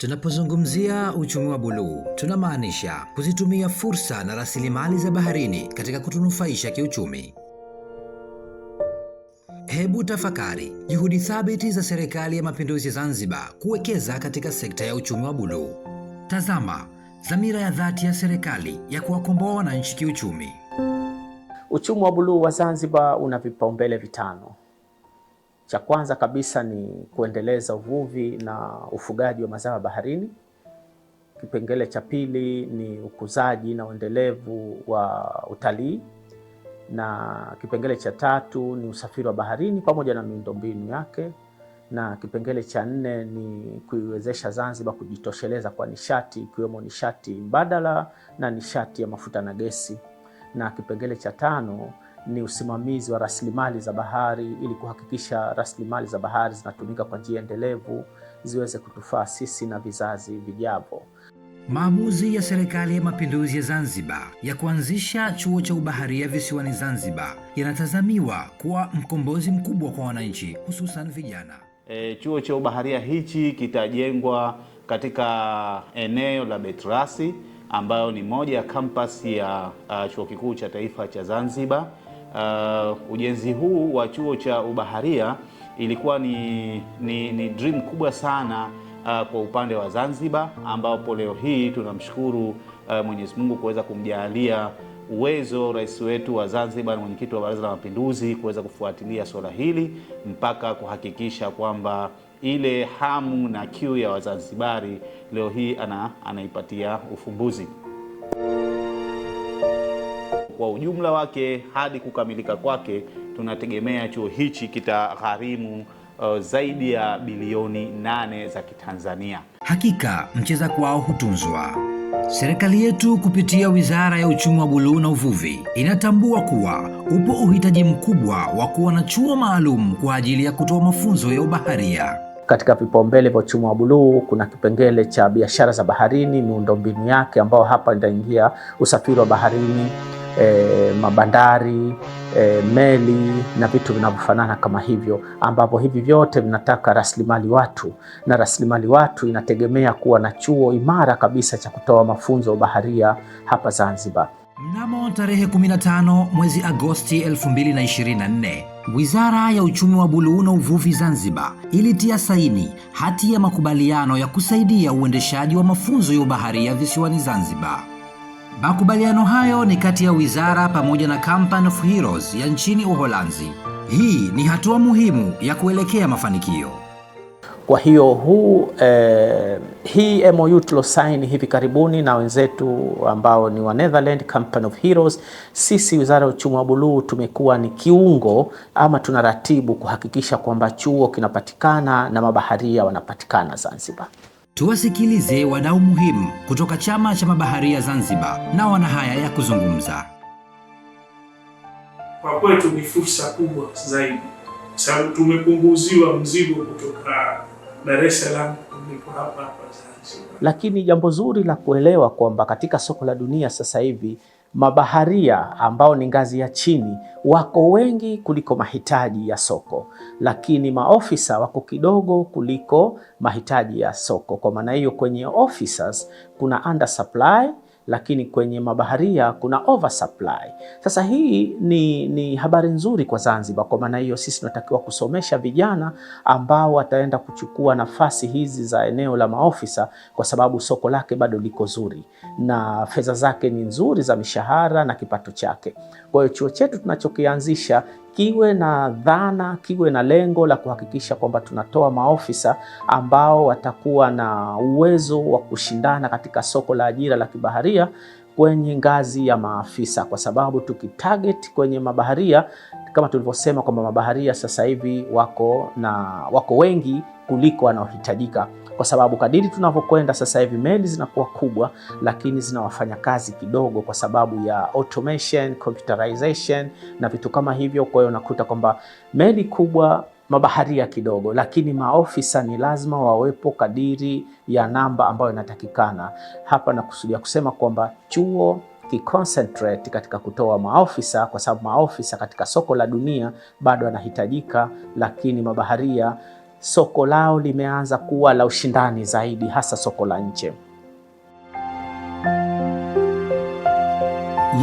Tunapozungumzia uchumi wa buluu, tunamaanisha kuzitumia fursa na rasilimali za baharini katika kutunufaisha kiuchumi. Hebu tafakari juhudi thabiti za Serikali ya Mapinduzi Zanzibar kuwekeza katika sekta ya uchumi wa buluu. Tazama dhamira ya dhati ya serikali ya kuwakomboa wananchi kiuchumi. Uchumi wa buluu wa Zanzibar una vipaumbele vitano. Cha kwanza kabisa ni kuendeleza uvuvi na ufugaji wa mazao ya baharini. Kipengele cha pili ni ukuzaji na uendelevu wa utalii, na kipengele cha tatu ni usafiri wa baharini pamoja na miundombinu yake, na kipengele cha nne ni kuiwezesha Zanzibar kujitosheleza kwa nishati ikiwemo nishati mbadala na nishati ya mafuta na gesi, na kipengele cha tano ni usimamizi wa rasilimali za bahari ili kuhakikisha rasilimali za bahari zinatumika kwa njia endelevu ziweze kutufaa sisi na vizazi vijavyo. Maamuzi ya Serikali ya Mapinduzi ya Zanzibar ya kuanzisha chuo cha ubaharia visiwani Zanzibar yanatazamiwa kuwa mkombozi mkubwa kwa wananchi hususan vijana. E, chuo cha ubaharia hichi kitajengwa katika eneo la Betrasi ambayo ni moja ya kampasi ya uh, Chuo Kikuu cha Taifa cha Zanzibar. Uh, ujenzi huu wa chuo cha ubaharia ilikuwa ni, ni, ni dream kubwa sana uh, kwa upande wa Zanzibar, ambapo leo hii tunamshukuru uh, Mwenyezi Mungu kuweza kumjaalia uwezo rais wetu wa Zanzibar na mwenyekiti wa Baraza la Mapinduzi kuweza kufuatilia swala hili mpaka kuhakikisha kwamba ile hamu na kiu ya Wazanzibari leo hii ana, anaipatia ufumbuzi kwa ujumla wake hadi kukamilika kwake, tunategemea chuo hichi kitagharimu uh, zaidi ya bilioni nane za Kitanzania. Hakika mcheza kwao hutunzwa. Serikali yetu kupitia Wizara ya Uchumi wa Buluu na Uvuvi inatambua kuwa upo uhitaji mkubwa wa kuwa na chuo maalum kwa ajili ya kutoa mafunzo ya ubaharia. Katika vipaumbele vya uchumi wa buluu kuna kipengele cha biashara za baharini, miundombinu yake, ambao hapa itaingia usafiri wa baharini e, mabandari e, meli na vitu vinavyofanana kama hivyo, ambapo hivi vyote vinataka rasilimali watu, na rasilimali watu inategemea kuwa na chuo imara kabisa cha kutoa mafunzo baharia hapa Zanzibar. Mnamo tarehe 15 mwezi Agosti 2024, Wizara ya Uchumi wa Buluu na Uvuvi Zanzibar ilitia saini hati ya makubaliano ya kusaidia uendeshaji wa mafunzo ya ubaharia visiwani Zanzibar. Makubaliano hayo ni kati ya wizara pamoja na Company of Heroes ya nchini Uholanzi. Hii ni hatua muhimu ya kuelekea mafanikio. Kwa hiyo huu, eh, hii MOU tulosaini hivi karibuni na wenzetu ambao ni wa Netherlands Company of Heroes, sisi Wizara ya Uchumi wa Buluu tumekuwa ni kiungo ama tunaratibu kuhakikisha kwamba chuo kinapatikana na mabaharia wanapatikana Zanzibar tuwasikilize wadau muhimu kutoka Chama cha Mabaharia Zanzibar, na wana haya ya kuzungumza. Kwa kwetu ni fursa kubwa zaidi, sababu tumepunguziwa mzigo kutoka Dar es Salaam kuliko hapa hapa Zanzibar. Lakini jambo zuri la kuelewa kwamba katika soko la dunia sasa hivi Mabaharia ambao ni ngazi ya chini wako wengi kuliko mahitaji ya soko, lakini maofisa wako kidogo kuliko mahitaji ya soko. Kwa maana hiyo, kwenye officers kuna under supply lakini kwenye mabaharia kuna oversupply. Sasa hii ni, ni habari nzuri kwa Zanzibar. Kwa maana hiyo sisi tunatakiwa kusomesha vijana ambao wataenda kuchukua nafasi hizi za eneo la maofisa, kwa sababu soko lake bado liko zuri na fedha zake ni nzuri za mishahara na kipato chake. Kwa hiyo chuo chetu tunachokianzisha kiwe na dhana, kiwe na lengo la kuhakikisha kwamba tunatoa maofisa ambao watakuwa na uwezo wa kushindana katika soko la ajira la kibaharia kwenye ngazi ya maafisa, kwa sababu tukitarget kwenye mabaharia kama tulivyosema kwamba mabaharia sasa hivi wako na wako wengi kuliko wanaohitajika kwa sababu kadiri tunavyokwenda sasa hivi meli zinakuwa kubwa, lakini zinawafanya kazi kidogo, kwa sababu ya automation, computerization na vitu kama hivyo. Kwa hiyo unakuta kwamba meli kubwa mabaharia kidogo, lakini maofisa ni lazima wawepo kadiri ya namba ambayo inatakikana. Hapa nakusudia kusema kwamba chuo kiconcentrate katika kutoa maofisa, kwa sababu maofisa katika soko la dunia bado yanahitajika, lakini mabaharia soko lao limeanza kuwa la ushindani zaidi, hasa soko la nje.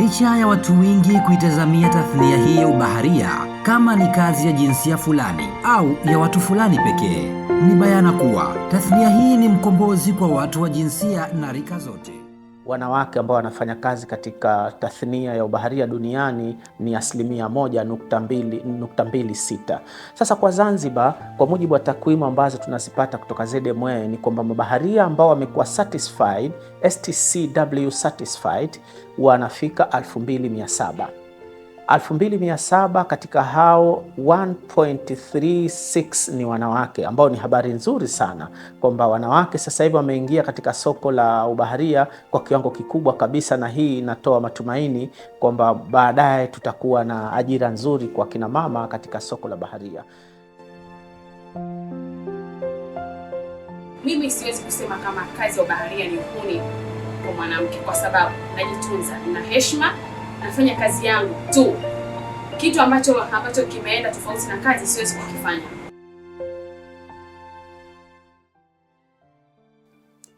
Licha ya watu wengi kuitazamia tasnia hii ya ubaharia kama ni kazi ya jinsia fulani au ya watu fulani pekee, ni bayana kuwa tasnia hii ni mkombozi kwa watu wa jinsia na rika zote wanawake ambao wanafanya kazi katika tathnia ya ubaharia duniani ni asilimia moja nukta mbili, nukta mbili sita. Sasa kwa Zanzibar, kwa mujibu wa takwimu ambazo tunazipata kutoka ZMWE ni kwamba mabaharia ambao wamekuwa satisfied STCW satisfied wanafika 2700. 2700 katika hao 1.36 ni wanawake, ambao ni habari nzuri sana kwamba wanawake sasa hivi wameingia katika soko la ubaharia kwa kiwango kikubwa kabisa, na hii inatoa matumaini kwamba baadaye tutakuwa na ajira nzuri kwa kina mama katika soko la baharia. Mimi siwezi kusema kama kazi ya ubaharia ni uhuni kwa mwanamke, kwa sababu najitunza, na heshima nafanya kazi yangu tu, kitu ambacho ambacho kimeenda tofauti na kazi siwezi kukifanya.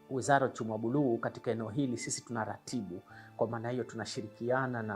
Wizara ya Uchumi wa Buluu katika eneo hili sisi tunaratibu. Kwa maana hiyo tunashirikiana na,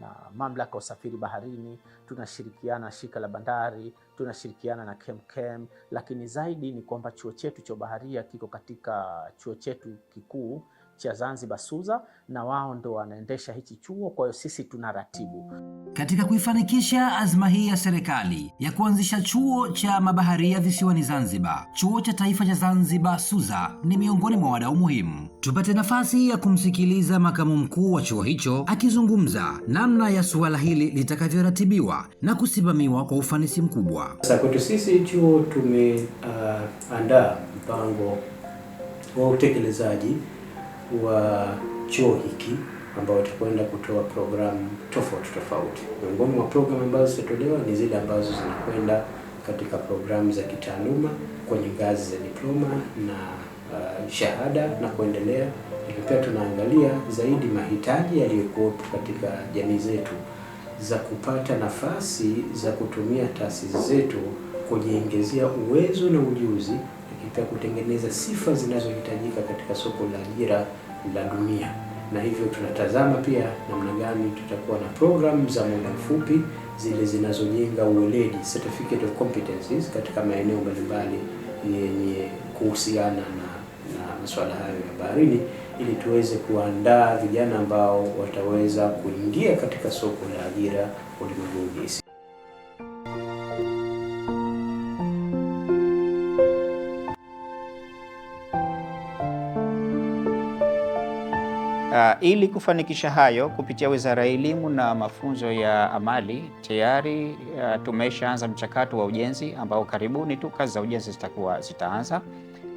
na mamlaka ya usafiri baharini, tunashirikiana na shirika la bandari, tunashirikiana na KemKem, lakini zaidi ni kwamba chuo chetu cha ubaharia kiko katika chuo chetu kikuu cha Zanzibar SUZA na wao ndo wanaendesha hichi chuo, kwa hiyo sisi tuna ratibu. Katika kuifanikisha azma hii ya serikali ya kuanzisha chuo cha mabaharia visiwani Zanzibar, chuo cha taifa cha Zanzibar SUZA ni miongoni mwa wadau muhimu. Tupate nafasi ya kumsikiliza makamu mkuu wa chuo hicho akizungumza namna ya suala hili litakavyoratibiwa na kusimamiwa kwa ufanisi mkubwa. Sasa kwetu sisi chuo tumeandaa uh, mpango wa utekelezaji wa chuo hiki ambao watakwenda kutoa programu tofauti tofauti. Miongoni mwa programu ambazo zitatolewa ni zile ambazo zinakwenda katika programu za kitaaluma kwenye ngazi za diploma na uh, shahada na kuendelea, lakini pia tunaangalia zaidi mahitaji yaliyokuwa katika jamii zetu za kupata nafasi za kutumia taasisi zetu kujiongezea uwezo na ujuzi itakutengeneza sifa zinazohitajika katika soko la ajira la dunia. Na hivyo tunatazama pia namna gani tutakuwa na programu za muda mfupi zile zinazojenga uweledi, certificate of competencies, katika maeneo mbalimbali yenye kuhusiana na, na masuala hayo ya baharini ili tuweze kuandaa vijana ambao wataweza kuingia katika soko la ajira ulimwenguni. ili kufanikisha hayo kupitia Wizara ya Elimu na Mafunzo ya Amali tayari uh, tumeshaanza mchakato wa ujenzi ambao karibuni tu kazi za ujenzi zitakuwa zitaanza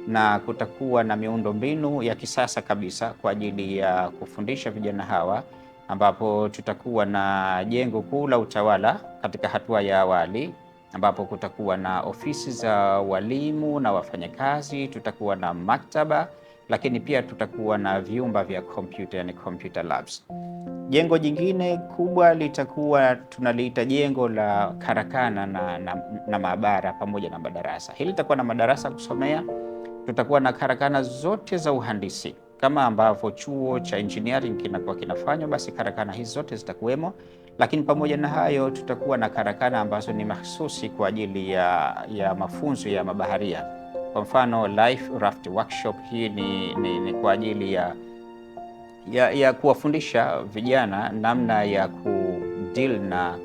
na kutakuwa na miundombinu ya kisasa kabisa kwa ajili ya kufundisha vijana hawa, ambapo tutakuwa na jengo kuu la utawala katika hatua ya awali, ambapo kutakuwa na ofisi za walimu na wafanyakazi, tutakuwa na maktaba lakini pia tutakuwa na vyumba vya kompyuta, yani computer labs. Jengo jingine kubwa litakuwa tunaliita jengo la karakana na, na, na maabara pamoja na madarasa. Hili litakuwa na madarasa kusomea, tutakuwa na karakana zote za uhandisi kama ambavyo chuo cha engineering kinakuwa kinafanywa, basi karakana hizi zote zitakuwemo. Lakini pamoja na hayo, tutakuwa na karakana ambazo ni mahsusi kwa ajili ya, ya mafunzo ya mabaharia. Kwa mfano life raft workshop hii ni, ni, ni kwa ajili ya, ya, ya kuwafundisha vijana namna ya deal na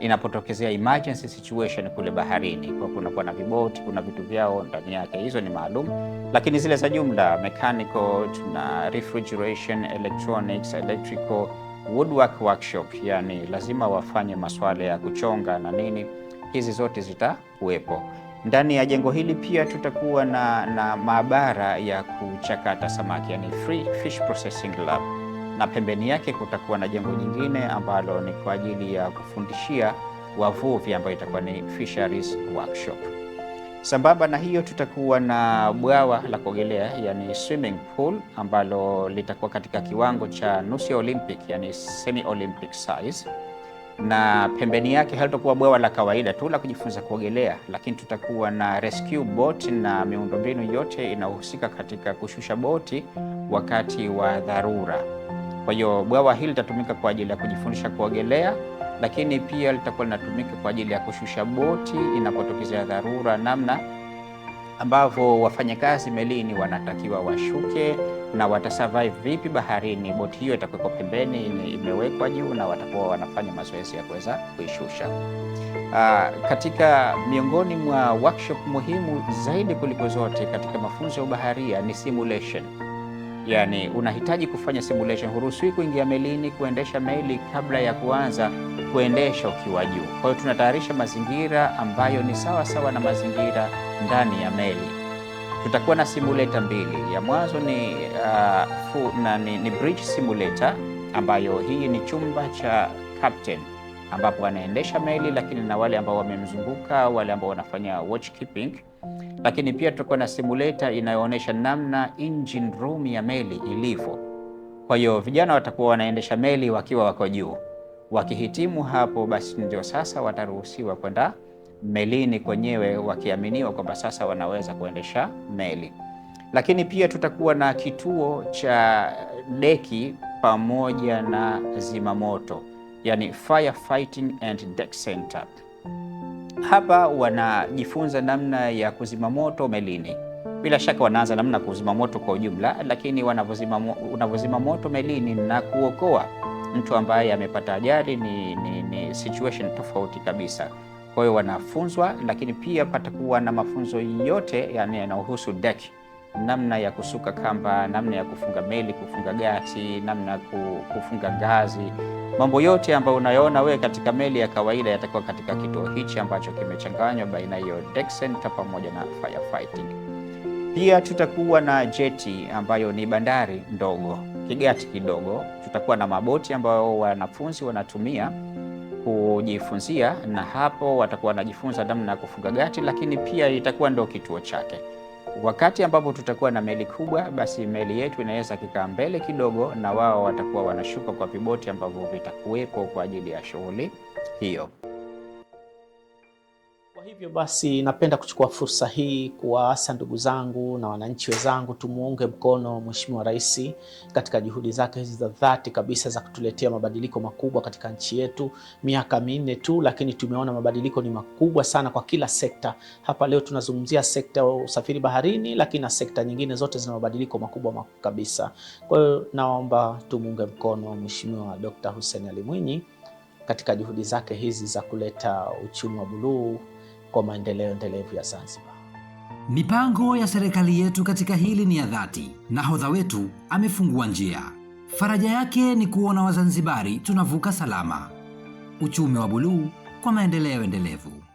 inapotokezea emergency situation kule baharini, kwa kunakuwa na viboti, kuna vitu vyao ndani yake, hizo ni maalum, lakini zile za jumla mechanical, tuna refrigeration, electronics, electrical, woodwork workshop, yani lazima wafanye masuala ya kuchonga na nini, hizi zote zitakuwepo. Ndani ya jengo hili pia tutakuwa na, na maabara ya kuchakata samaki yani free fish processing lab, na pembeni yake kutakuwa na jengo jingine ambalo ni kwa ajili ya kufundishia wavuvi ambayo itakuwa ni fisheries workshop. Sambamba na hiyo tutakuwa na bwawa la kuogelea yani swimming pool ambalo litakuwa katika kiwango cha nusu Olympic yani semi Olympic size na pembeni yake halitakuwa bwawa la kawaida tu la kujifunza kuogelea, lakini tutakuwa na rescue boat na miundombinu yote inayohusika katika kushusha boti wakati wa dharura. Kwa hiyo bwawa hili litatumika kwa ajili ya kujifundisha kuogelea, lakini pia litakuwa linatumika kwa ajili ya kushusha boti inapotokezea dharura, namna ambavyo wafanyakazi melini wanatakiwa washuke na watasurvive vipi baharini. Boti hiyo itakuwa pembeni, imewekwa juu na watakuwa wanafanya mazoezi ya kuweza kuishusha. Uh, katika miongoni mwa workshop muhimu zaidi kuliko zote katika mafunzo ya ubaharia ni simulation yani unahitaji kufanya simulation. Huruhusiwi kuingia melini kuendesha meli kabla ya kuanza kuendesha ukiwa juu. Kwa hiyo tunatayarisha mazingira ambayo ni sawa sawa na mazingira ndani ya meli. Tutakuwa na simulator mbili, ya mwanzo ni, uh, ni, ni bridge simulator ambayo hii ni chumba cha captain ambapo anaendesha meli, lakini na wale ambao wamemzunguka, wale ambao wanafanya watch keeping. Lakini pia tutakuwa na simulator inayoonyesha namna engine room ya meli ilivyo. Kwa hiyo vijana watakuwa wanaendesha meli wakiwa wako juu. Wakihitimu hapo, basi ndio sasa wataruhusiwa kwenda melini kwenyewe, wakiaminiwa kwamba sasa wanaweza kuendesha meli. Lakini pia tutakuwa na kituo cha deki pamoja na zimamoto yani firefighting and deck center. Hapa wanajifunza namna ya kuzima moto melini. Bila shaka wanaanza namna kuzima moto kwa ujumla, lakini wanavyozima unavyozima moto melini na kuokoa mtu ambaye amepata ajali ni, ni, ni situation tofauti kabisa. Kwa hiyo wanafunzwa, lakini pia patakuwa na mafunzo yote yani yanayohusu deck namna ya kusuka kamba, namna ya kufunga meli, kufunga gati, namna ya kufunga ngazi. Mambo yote ambayo unayoona wewe katika meli ya kawaida yatakuwa katika kituo hichi ambacho kimechanganywa baina hiyo deck center pamoja na firefighting. Pia tutakuwa na jeti ambayo ni bandari ndogo, kigati kidogo. Tutakuwa na maboti ambayo wanafunzi wanatumia kujifunzia, na hapo watakuwa wanajifunza namna ya kufunga gati, lakini pia itakuwa ndo kituo chake. Wakati ambapo tutakuwa na meli kubwa, basi meli yetu inaweza kikaa mbele kidogo, na wao watakuwa wanashuka kwa viboti ambavyo vitakuwepo kwa ajili ya shughuli hiyo hivyo basi, napenda kuchukua fursa hii kuwaasa ndugu zangu na wananchi wenzangu, tumuunge mkono Mheshimiwa Rais katika juhudi zake hizi za dhati kabisa za kutuletea mabadiliko makubwa katika nchi yetu. Miaka minne tu, lakini tumeona mabadiliko ni makubwa sana kwa kila sekta. Hapa leo tunazungumzia sekta ya usafiri baharini, lakini na sekta nyingine zote zina mabadiliko makubwa kabisa. Kwa hiyo naomba tumuunge mkono Mheshimiwa Dr. Hussein Ali Mwinyi katika juhudi zake hizi za kuleta uchumi wa buluu kwa maendeleo endelevu ya Zanzibar. Mipango ya serikali yetu katika hili ni ya dhati. Nahodha wetu amefungua njia. Faraja yake ni kuona Wazanzibari tunavuka salama. Uchumi wa buluu kwa maendeleo endelevu.